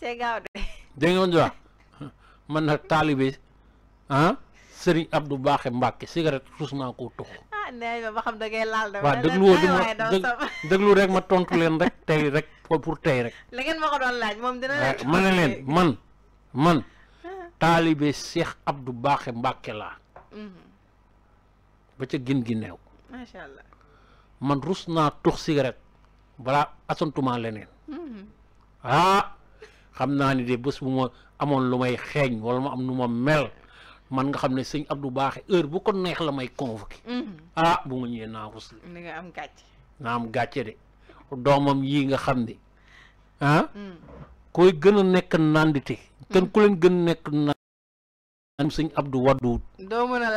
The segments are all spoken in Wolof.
c'est gaaw de. dégg nga wax man nag taalibe ah Serigne Abdou Baaxe Mbacke naa koo tux. ah ma ba leen rek rek pour tey rek. la ngeen ma ko eh, ma ne leen man man. Ah. taalibe Cheikh Abdou Baaxe Mbacke laa. Mhm. ba ca gin gi neew. macha man rus naa tux cigarette balaa asantumaa leneen. Mhm. ah. xam naa ni de bés bu ma amoon lu may xeeñ wala ma am nu ma mel man nga xam ne sëñ Abdou Baaxe heure bu ko neex la may convoqué mm-hmm. ah bu ma ñëwee naa rus nga am gàcce naa am gàcce de doomam yii nga xam ne ah? mm. koy gën a nekk nandite mm. kenn ku leen gën a nekk naan sëñ Abdou Waddu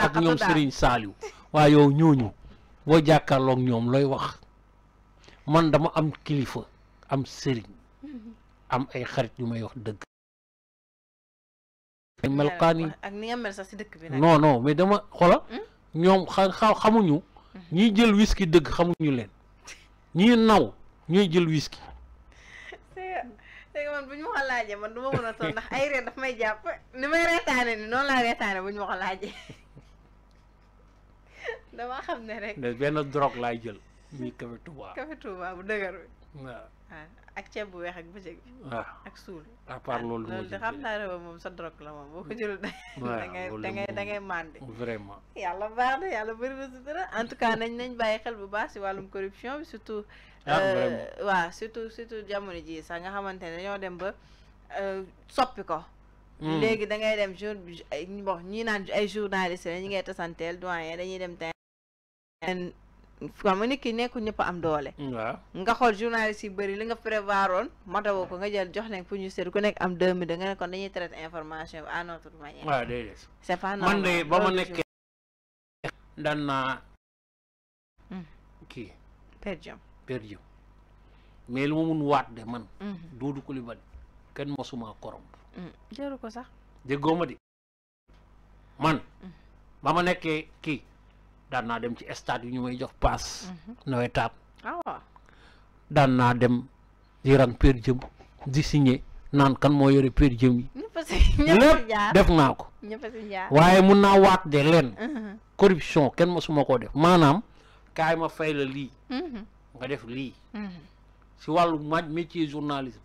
ak ñoom Serigne Saliou waaye yow ñooñu boo jàkkaarloog ñoom looy wax man dama am kilifa am sëriñ am ay xarit yu may wax dëgg. ay melukaan ak ni nga mel sax ci dëkk bi nag non non mais dama xoola hmm? ñoom xa xamuñu. Hmm. ñiy jël whisky dëgg xamuñu leen. ñiy naw ñooy jël whisky. léegi man bu ñu ma ko man du ma mën ay reer daf may jàpp ni may reetaane ni noonu laa reetaane bu ñu ma ko xam ne rek. benn drogue laay jël. muy kafe Touba. kafe Touba bu dëgër bi. waaw ak ceeb bu weex ak bëccëg bi. ak suul. à part loolu moo ci xam naa ne moom sa drogue la moom boo jël da ngay da ngay da ngay màndi. vraiment yàlla baax na yàlla eh, bëri na si dara en tout cas nañ nañ bàyyi xel bu baax si wàllum corruption bi surtout. ah surtout surtout jamono jii sax nga xamante ne dem ba soppi ko. léegi da ngay dem jour bon ñii naan ay journaliste la ngay tasanteel doyen dañuy dem tey communiqué ya nekku ñëpp am doole. waaw nga xol journaliste yi beri, li nga prévoiroon matawoo ko nga jël jox leen fu ñu sét ku nekk am deux mille da nga ne kon dañuy traiter information à notre manière. waaw déedéet. c' est pas normal man de ba ma nekk dan na mm. ki per jëm mais lu ma mun waat de man. Mm. Doudou bal kenn mosuma korom mm. jëru ko sax. déggoo ma di man. ba ma nekk ki daan naa dem ci stade yu ñu may jox paas. Mhm. nawetaan. Ah daan naa dem di rang pér jëm di signé naan kan moo yore pér jëm yi. lépp def naa ko. waaye mun naa waat de leen. Mhm. corruption kenn mosuma koo def maanaam kaay ma fay la lii. Mhm. nga def lii. si wàllu maj métier journalisme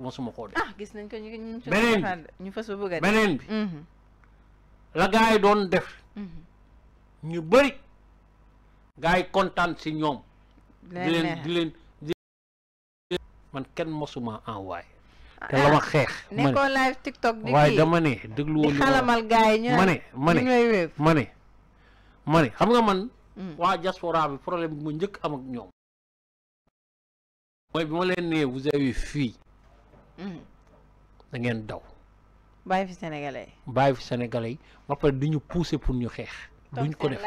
mosuma koo def. ah gis nañ ko ñu ñu beneen bi la gars yi doon def. ñu bëri gars yi kontaan si ñoom di leen di leen man kenn mosuma envoyé ah, te la ma ah. xeex ma ne ma ne ma ne ma ne xam nga man mm. waa diaspora bi problème bi ma njëkk am ak ñoom mooy bi ma leen nee vous avez fii mm. da ngeen daw bàyyi fi sénégalais yi bàyyi fi sénégalais yi ba pare di ñu pousser pour ñu xeex duñ ko def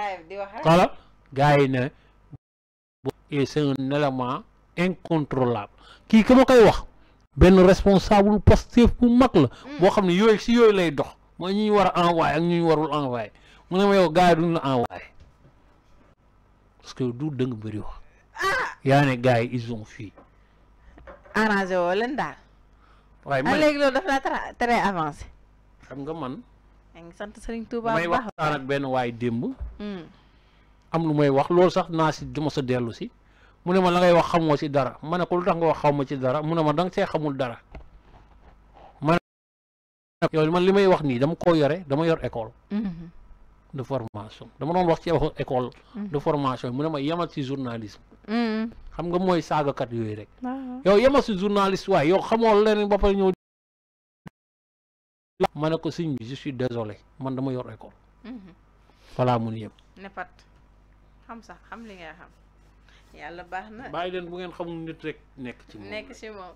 xoolal gars yi ne et c'est un élément incontrôlable kii ki ma koy wax benn responsable Pastef bu mag la mm. boo xam ne yooyu si yooyu lay dox mooy ñuy war a envoyé ak ñuy warul envoyé mu ne ma yow gars yi duñ la envoyé parce du dëng bëri ah! yaa ne gars yi ils fii arrangé woo leen daal waaye ah, léegi loolu daf la très avancé xam nga man yaa ngi sant sëriñ Touba may waxtaan ak benn waay démb. Hmm. am lu may wax loolu sax naa si du ma sa dellu si mu ne ma la ngay wax xamoo ci dara ma ne ko lu tax nga wax xamoo ci dara mu ne ma danga see xamul dara. ma ne yow man li may wax nii dama koo yore dama yor école. Mm-hmm. de formation dama doon wax ci école. Mm-hmm. de formation mu ne ci journalisme. Mm-hmm. xam nga mooy saagakat yooyu rek. Ah. yow yemal ci journaliste waaye yow xamoo leneen ba pare ma ne ko sëñ bi je suis désolé man dama yor école. voilà mhm. mun yëpp. ne pat xam sax xam li nga xam yàlla baax na. bàyyi leen bu ngeen xamul nit rek nekk ci moom.